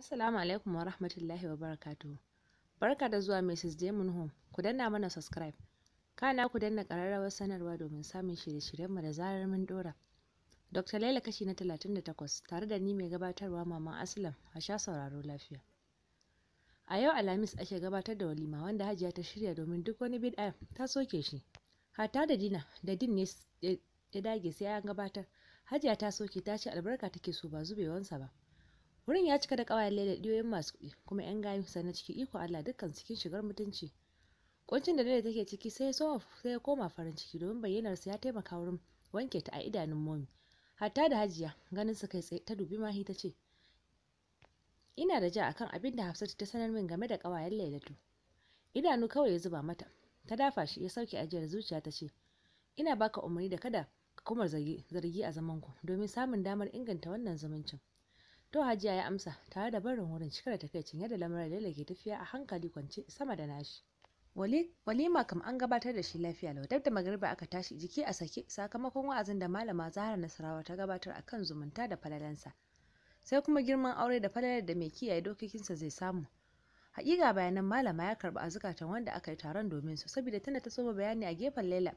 Assalamu alaikum wa rahmatullahi wa barakatuhu. Barka da zuwa Mrs. Damon Home. Ku danna mana subscribe. Kana ku danna ƙararrawar sanarwa domin samun shirye-shiryenmu da zarar mun dora. Dr. Laila kashi na 38 tare da ni mai gabatarwa mama Aslam a sha sauraro lafiya. A yau Alhamis ake gabatar da walima wanda Hajiya ta shirya domin duk wani bid'a ta soke shi. Hata da Dina da Din ne ya dage sai ya gabatar. Hajiya ta soke ta ce albarka take so ba zubewansa ba. wurin ya cika da ƙawayen leda ɗiyoyin masu kuɗi kuma 'yan gayu sannan ciki iko allah dukkan cikin shigar mutunci kuncin da dare take ciki sai so sai ya koma farin ciki domin bayyanar sa ya taimaka wurin wanke ta a idanun momi hatta da hajiya ganin su kai tsaye ta dubi mahi ta ce ina da ja akan abin da hafsatu ta sanar min game da ƙawayen lailatu idanu kawai ya zuba mata ta dafa shi ya sauke ajiyar zuciya ta ce ina baka umarni da kada ka kuma zargi a zamanku domin samun damar inganta wannan zumuncin To Hajiya ya amsa tare da barin wurin cika da takaicin yadda lamarin Laila ke tafiya a hankali kwance sama da nashi. Walima kam an gabatar da shi lafiya lau dab da magariba aka tashi jiki a sake sakamakon wa'azin da malama Zahra Nasarawa ta gabatar a kan zumunta da falalansa. Sai kuma girman aure da falalar da mai kiyaye dokokinsa zai samu. Hakika bayanan malama ya karɓi azukatan wanda aka yi taron domin su saboda tana ta soma bayani a gefen Laila.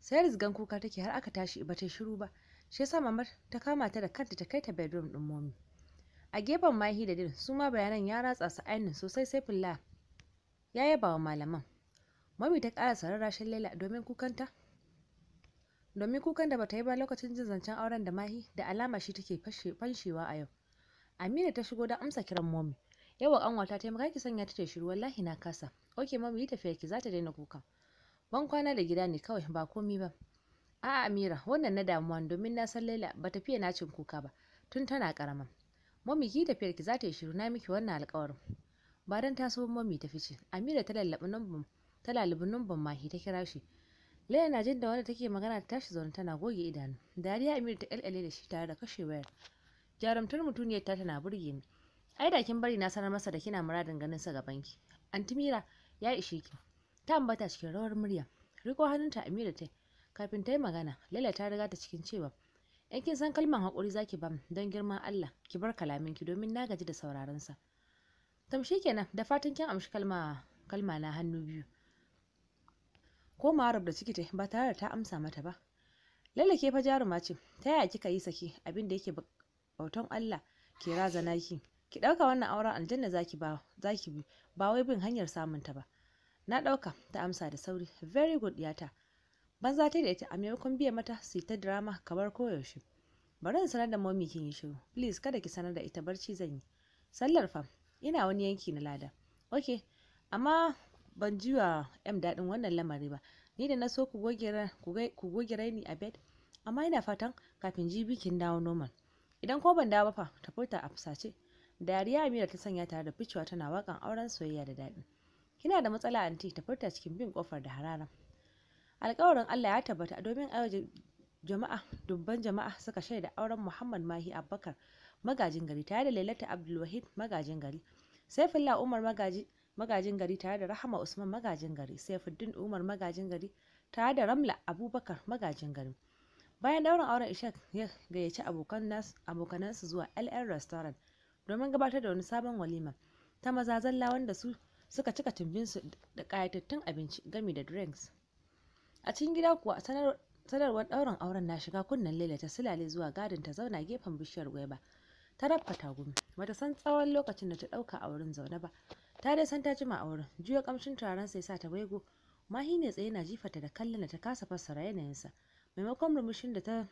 Sai rizgan kuka take har aka tashi ba ta shiru ba shi yasa mamar ta kama ta da kanta ta kai ta bedroom ɗin momi a gefen mahi da din su ma bayanan ya ratsa su ainin sosai sai fulla ya yaba wa malaman mami ta ƙara rashin laila domin kukanta domin kukan da bata yi ba lokacin jin zancen auren da mahi da alama shi take fanshewa a yau amina ta shigo don amsa kiran momi yawa kanwata taimaka ki sanya ta ta shiru wallahi na kasa Ok mami yi tafiya ki zata daina kuka. ban kwana da gida ne kawai ba komi ba A'a, amira wannan na damuwa domin na san laila ba ta fiye nacin kuka ba tun tana karama mami ki tafiyar ki za ta yi shiru na miki wannan alƙawarin ba dan ta mami ta fice amira ta lallaɓi numban ta lallaɓi numban mahi ta kira shi laila na jin da wanda take magana ta tashi zaune tana goge idanu dariya amira ta kalkale da shi tare da kashe wayar jarumtar mutuniyar ta tana burge ni ai da kin bari na sanar masa da kina muradin ganin sa gaban ki antimira ya ishe ki ta ambata cikin rawar murya riko hannunta amira ta kafin ta yi magana laila ta riga ta cikin cewa in kin san kalman haƙuri zaki mu don girman Allah ki bar kalaminki domin na gaji da sauraron sa tamshi kenan da fatan kin amshi kalma kalma na hannu biyu ko marab da ciki ta ba tare da ta amsa mata ba laila ke fa jaruma ce ta yaya kika yi saki abin da yake bautan Allah ke razana ki ki ɗauka wannan auren aljanna zaki ba bi ba wai bin hanyar samunta ba na ɗauka ta amsa da sauri very good yata banza ta da ita a maimakon biya mata su ta drama kamar koyaushe bari in sanar da momi kin yi shiru please kada ki sanar da ita barci zan yi sallar fam ina wani yanki na lada ok amma ban ji wa m daɗin wannan lamari ba ni da na so ku goge raini a bed amma ina fatan kafin jibi kin dawo normal idan ko ban dawo ba fa ta furta a fusace dariya amira ta sanya tare da ficewa tana wakan auren soyayya da daɗi kina da matsala anti ta furta cikin bin kofar da harara alƙawarin Allah ya tabbata domin a jama'a dubban jama'a suka shaida auren Muhammad Mahi Abubakar magajin gari tare da Lailata Abdulwahid magajin gari Saifullah Umar magaji magajin gari tare da Rahama Usman magajin gari Saifuddin Umar magajin gari tare da Ramla Abubakar magajin gari bayan ɗaurin auren Ishaq ya gayyaci abokan nas abokanansu zuwa LL restaurant domin gabatar da wani sabon walima ta maza zalla wanda su suka cika tumbinsu da kayatattun abinci gami da drinks a cikin gida kuwa sanarwar ɗaurin auren na shiga kunnen lele ta silale zuwa gadin ta zauna gefen bishiyar gwaiba ta rabka gumi, bata san tsawon lokacin da ta ɗauka a wurin zaune ba ta dai san ta jima a wurin juya ƙamshin turaren sai sa ta waigo mahi ne tsaye na jifata da kallon da ta kasa fassara yanayinsa maimakon murmushin da ta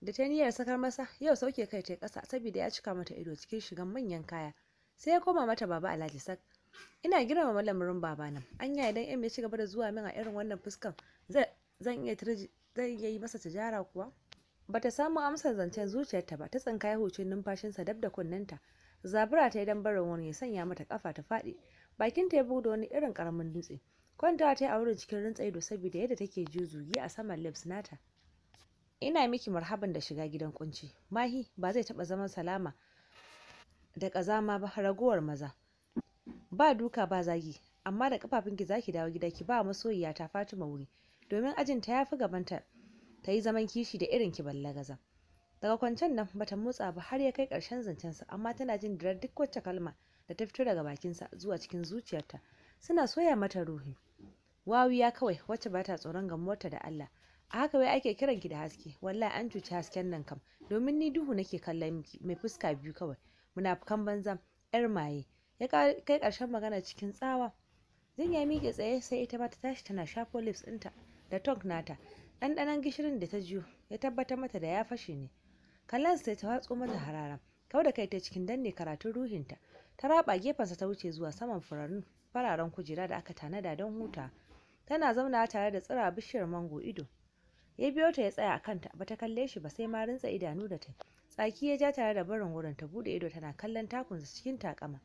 da ta niyyar sakar masa yau sauke kai ta kasa saboda ya cika mata ido cikin shigan manyan kaya sai ya koma mata baba alhaji sak ina girmama lamarin babana anya idan m ya ci gaba da zuwa min a irin wannan fuskan zan iya zan iya yi masa tijara kuwa bata samu amsar zancen zuciyarta ba ta tsinkaye hucin numfashinsa dab da kunnenta zabura ta yi dan barin wani ya sanya mata kafa ta faɗi bakin ta ya bugu da wani irin karamin dutse kwantawa ta yi a wurin cikin do saboda yadda take juzugi a saman lips nata ina miki marhaban da shiga gidan kunci mahi ba zai taba zaman salama da kazama ba ragowar maza ba duka ba zagi amma da ki zaki dawo gida ki ba masoyiya ta Fatima wuri domin ajin ta yafi gabanta ta yi zaman kishi da irin ki ballagaza daga kwancen nan bata motsa ba har ya kai karshen zancensa amma tana jin dirar duk wacce kalma da ta fito daga bakinsa zuwa cikin zuciyarta suna soya mata ruhi wawiya kawai wacce bata tsoron tsoron gamuwarta da Allah a haka wai ake kiran ki da haske wallahi an cuci hasken nan kam domin ni duhu nake kallon mai fuska biyu kawai munafukan banza yar maye ya kai ƙarshen magana cikin tsawa zin ya miƙe tsaye sai ita ma ta tashi tana shafo lips ɗinta da tongue nata ɗanɗanon gishirin da ta jiyo ya tabbatar mata da ya fashe ne kallon sai ta watso mata harara kawai da kai ta cikin danne karatun ruhinta ta raba gefensa ta wuce zuwa saman furarin fararen kujera da aka tanada don huta tana zauna tare da tsira bishiyar mango ido ya biyo ta ya tsaya a kanta ta kalle shi ba sai ma rinsa idanu da ta tsaki ya ja tare da barin wurin ta bude ido tana kallon takunsa cikin takama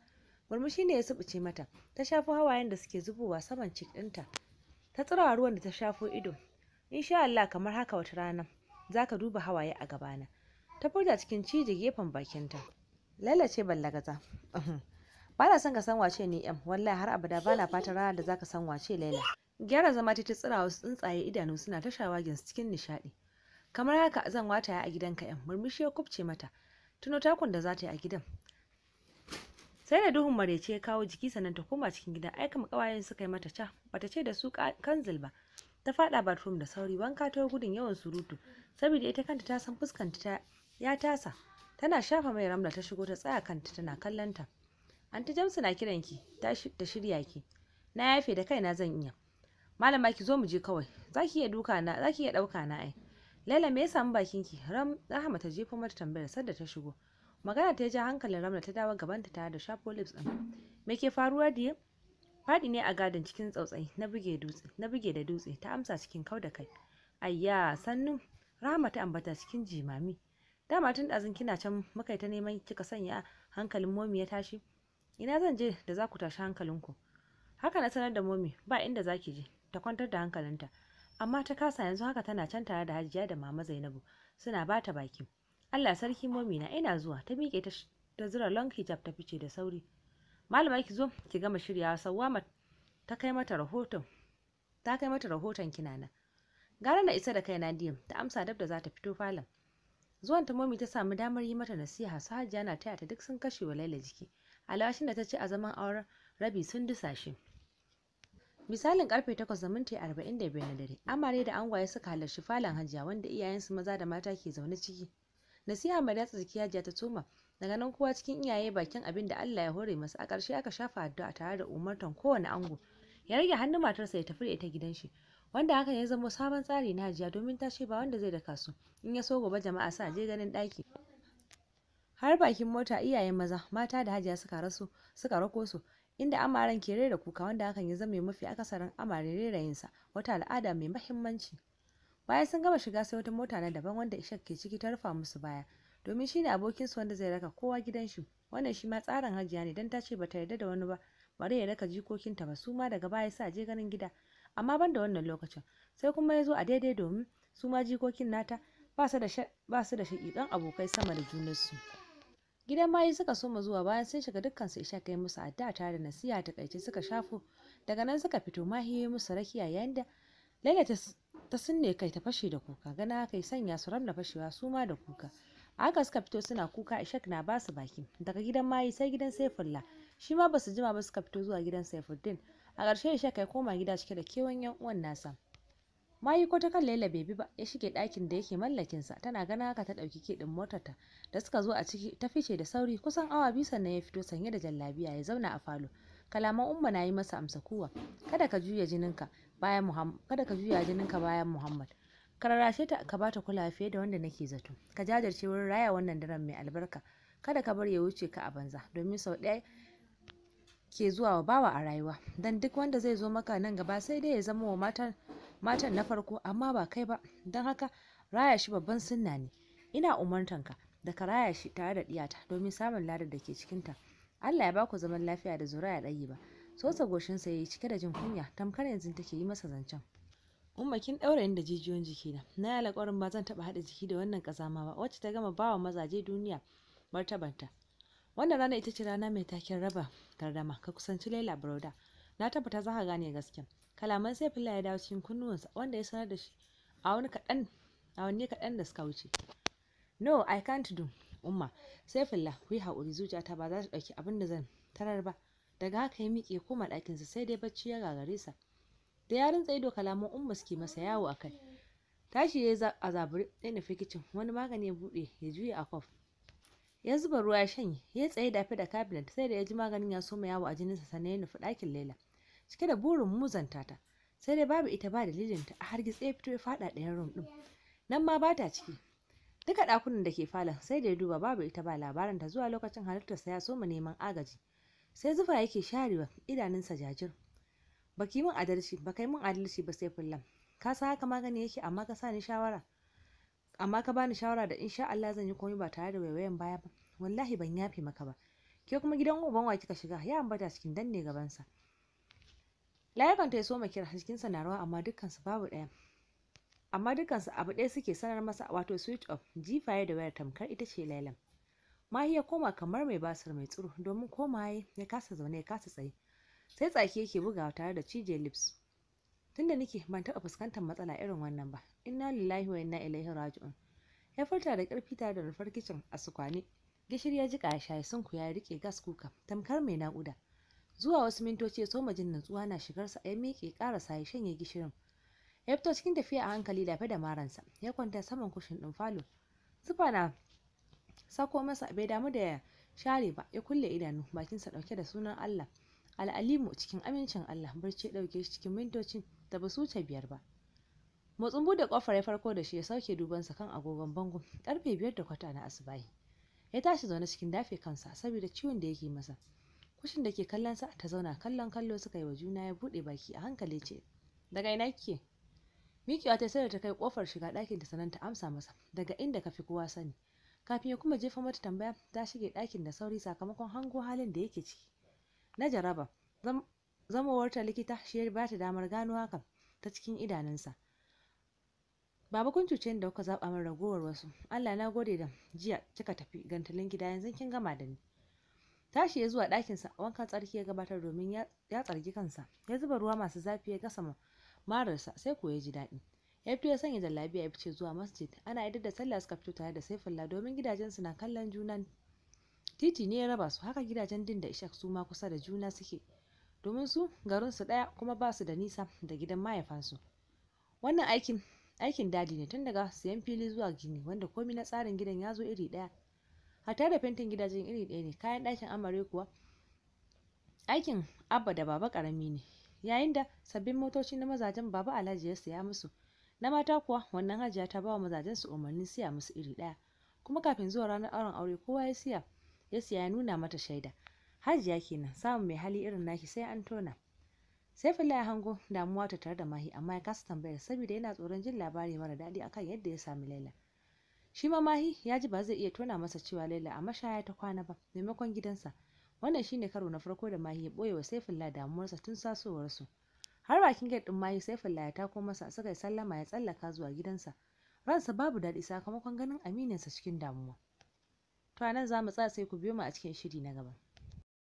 murmushi ne ya subuce mata ta shafo hawayen da suke zubowa saman cik ɗinta ta tsirawa ruwan da ta shafo ido insha Allah kamar haka wata rana zaka duba hawaye a gabana ta furta cikin ciji gefen bakinta lalace ballagaza uhm. ba na son ka san wace ni yam wallahi har abada ba na fatan ranar da zaka san wace laila gyara zama ta tsirawa wasu tsuntsaye idanu suna ta shawagin cikin nishaɗi kamar haka zan wataya a gidan ka yan murmushi ya kubce mata tuno takun da za ta yi a gidan sai da duhun marece ya kawo jiki sannan ta koma cikin gida aika makawayen suka yi mata ca bata ce da su kanzil ba ta fada bathroom da sauri wanka ta gudun yawan surutu saboda ita kanta ta san fuskanta ta ya tasa tana shafa mai ramla ta shigo ta tsaya kanta tana kallon ta anti jamsu na kiran ki ta shirya ki na yafe da kaina zan iya malama ki zo mu je kawai zaki iya duka na zaki iya dauka na ai laila me ya samu bakin ki rahama ta jefa mata tambayar sadda ta shigo magana ta ja hankalin ramla ta dawo gabanta tare da shafo lips ɗin me ke faruwa diye faɗi ne a gadon cikin tsautsai na buge dutse na buge da dutse ta amsa cikin kau da kai ayya sannu rama ta ambata cikin jimami dama tun ɗazun kina can muka ta neman kika sanya hankalin momi ya tashi ina zan je da za ku tashi ku haka na sanar da momi ba inda za ki je ta kwantar da hankalinta amma ta kasa yanzu haka tana can tare da hajiya da mama zainabu suna bata baki Allah sarki momina ina zuwa ta miƙe ta zura long hijab ta fice da sauri malama ki zo ki gama shiryawa sawwama ta kai mata rahoton ta kai mata rahoton kina nan gara na isa da kai na diyam ta amsa dab da za ta fito falon zuwan ta momi ta samu damar yi mata nasiha su hajiya na taya ta duk sun kashe wa laila jiki alawashin da ta ce a zaman auren rabi sun dusashe misalin karfe takwas da minti biyar na dare amare da angwaye suka halarci falon hajiya wanda iyayensu maza da mata ke zaune ciki nasiha mai datsa jiki hajiya ta tuma daga nan kowa cikin iyaye bakin abin da Allah ya hore masa a ƙarshe aka shafa addu'a tare da umartan kowane ango ya rage hannun matarsa ya tafi da ita gidan shi wanda hakan ya zamo sabon tsari na hajiya domin ta ce ba wanda zai daka su in ya so gobe jama'a sa je ganin ɗaki har bakin mota iyayen maza mata da hajiya suka rasu suka rako su inda amaren ke rera kuka wanda hakan ya zama mafi akasarin amare sa wata al'ada mai mahimmanci bayan sun gama shiga sai wata mota na daban wanda ishak ke ciki ta rufa musu baya domin shine abokin su wanda zai raka kowa gidan shi wannan shi ma tsarin hajiya ne dan ta ce bata yarda da wani ba bari ya raka jikokin ta ba su ma daga baya a je ganin gida amma banda wannan lokacin sai kuma ya zo a daidai domin su ma jikokin nata ba su da dan abokai sama da junansu gidan mayu suka soma zuwa bayan sun shiga dukkan su isha kai musu addu'a tare da nasiha ta kaice suka shafo daga nan suka fito mahiyoyi musu rakiya yayin da lalata ta sun ne kai ta fashe da kuka gana haka sanya su ramna fashewa su ma da kuka aka suka fito suna kuka ishak na basu baki daga gidan mayi sai gidan saifulla shi ma basu jima ba suka fito zuwa gidan saifuddin a ƙarshe ishak ya koma gida cike da kewan yan uwan nasa mayi ko ta kan laila bebi ba ya shige ɗakin da yake mallakin sa tana gana haka ta ɗauki keɗin ta da suka zo a ciki ta fice da sauri kusan awa biyu sannan ya fito sanye da jallabiya ya zauna a falo kalaman umma na yi masa amsa kuwa kada ka juya jininka bayan Muhammad kada ka juya jinin ka bayan Muhammad ka rarrashe ta ka bata kula fiye da wanda nake zato ka jajirce wurin raya wannan daren mai albarka kada ka bar ya wuce ka a banza domin sau ɗaya ke zuwa wa bawa a rayuwa dan duk wanda zai zo maka nan gaba sai dai ya zama wa matan na farko amma ba kai ba don haka raya shi babban sunna ne ina ka da ka raya shi tare da ɗiyata domin samun ladar da ke cikinta Allah ya baku zaman lafiya da zuriya ɗayi ba sosa goshinsa ya yi cike da jin kunya tamkar yanzu take yi masa zancen umma kin daura inda jijiyoyin jikina na yi alƙawarin ba zan taɓa haɗa jiki da wannan ƙazama ba wacce ta gama bawa mazaje duniya martabanta wannan rana ita ce rana mai taken raba gardama ka kusanci laila broda na tabbata za ka gane gaskiya kalaman sai fila ya dawo cikin kunnuwansa wanda ya sanar da shi a wani kaɗan awanni kaɗan da suka wuce no i can't do umma sai Fila, ku yi haƙuri zuciyata ba za ta ɗauki abin da zan tarar ba daga haka ya miƙe koma ɗakinsa sai dai bacci ya gagare sa da ya rintsa ido kalaman umma suke masa yawo a kai tashi ya a zaburi ya nufi kicin wani magani ya buɗe ya juya a kof. ya zuba ruwa ya shanye ya tsaye dafe da kabinet sai da ya ji maganin ya soma yawo a jininsa sannan ya nufi ɗakin laila cike da burin muzanta ta sai dai babu ita ba dalilin a hargitse ya fito ya faɗa ɗayan rum ɗin nan ma ba ta ciki duka ɗakunan da ke falon sai da ya duba babu ita ba labarin zuwa lokacin halittarsa ya soma neman agaji sai zufa yake sharewa idanunsa jajir baki min adalci ba kai min adalci ba sai fullan ka sa haka magani yake amma ka sa ni shawara amma ka bani shawara da insha Allah zan yi komai ba tare da waiwayan baya ba wallahi ban yafe maka ba ke kuma gidan uban wa kika shiga ya ambata cikin danne gabansa layukan ta so makira cikinsa na rawa amma dukkan su babu ɗaya amma dukkan su, abu ɗaya suke sanar masa wato switch off jifaye da wayar tamkar ita ce lailan mahi ya koma kamar mai basar mai tsiro domin komaye ya kasa zaune ya kasa tsaye sai tsaki yake bugawa tare da cije lips tunda nake ban taɓa fuskantar matsala irin wannan ba inna lillahi wa inna ilaihi raji'un ya furta da ƙarfi tare da rufar kicin a sukwane gishiri ya jiƙa ya shayi sunku ya riƙe gas kuka tamkar mai naƙuda zuwa wasu mintoci ya soma jin natsuwa na sa ya miƙe ƙarasa ya shanye gishirin ya fito cikin tafiya a hankali dafe da maransa ya kwanta saman kushin ɗin falo zufa na sako masa bai damu da ya share ba ya kulle idanu bakinsa dauke da sunan Allah al'alimu cikin amincin Allah barci ya dauke shi cikin mintocin da ba su wuce biyar ba motsin bude kofar ya farko da shi ya sauke duban sa kan agogon bango karfe biyar da kwata na asubahi ya tashi zaune cikin dafe kansa saboda ciwon da yake masa kushin da ke kallon sa ta zauna kallon kallo suka yi wa juna ya bude baki a hankali ce daga ina kike mikiwa ta sai ta kai kofar shiga ɗakin ta sanan ta amsa masa daga inda ka fi kowa sani kafin ya kuma jefa mata tambaya ta shige ɗakin da sauri sakamakon hango halin da yake ciki na jaraba zamowarta likita shi ya bata damar gano hakan ta cikin idanunsa baba kun cuce ni da kuka zaɓa min ragowar wasu allah na gode da jiya kika tafi gantalin gida yanzu kin gama da ni tashi ya zuwa ɗakin ɗakinsa wanka tsarki ya gabatar domin ya tsargi kansa ya zuba ruwa masu zafi ya gasa mararsa sai ko ya ji daɗi ya fito ya sanya jallabiya ya fice zuwa masjid ana idar da sallah suka fito tare da saifulla domin gidajensu na kallon junan titi ne ya raba su haka gidajen din da ishak su ma kusa da juna suke domin su garin su daya kuma ba su da nisa da gidan mahaifansu wannan aikin aikin dadi ne tun daga siyan fili zuwa gini wanda komi na tsarin gidan ya zo iri daya hatta da fentin gidajen iri daya ne kayan ɗakin amare kuwa aikin abba da baba karami ne yayin da sabbin motoci na mazajen baba alhaji ya siya musu na mata kuwa wannan hajiya ta ba wa mazajen su umarnin siya musu iri ɗaya kuma kafin zuwa ranar auren aure kowa ya siya ya siya ya nuna mata shaida hajiya kenan samun mai hali irin naki sai an tona sai ya hango damuwa ta tare da mahi amma ya kasa tambayar saboda yana tsoron jin labari mara daɗi akan yadda ya sami laila shi ma mahi ya ji ba zai iya tona masa cewa laila a mashaya ta kwana ba maimakon gidansa wannan shine karo na farko da mahi ya ɓoye wa saifullah damuwarsa tun sasowarsu har bakin gate din mayu sai fallaya ya tako masa suka yi sallama ya tsallaka zuwa gidansa ransa babu daɗi sakamakon ganin sa cikin damuwa to anan nan za mu tsaya sai ku biyo mu a cikin shiri na gaba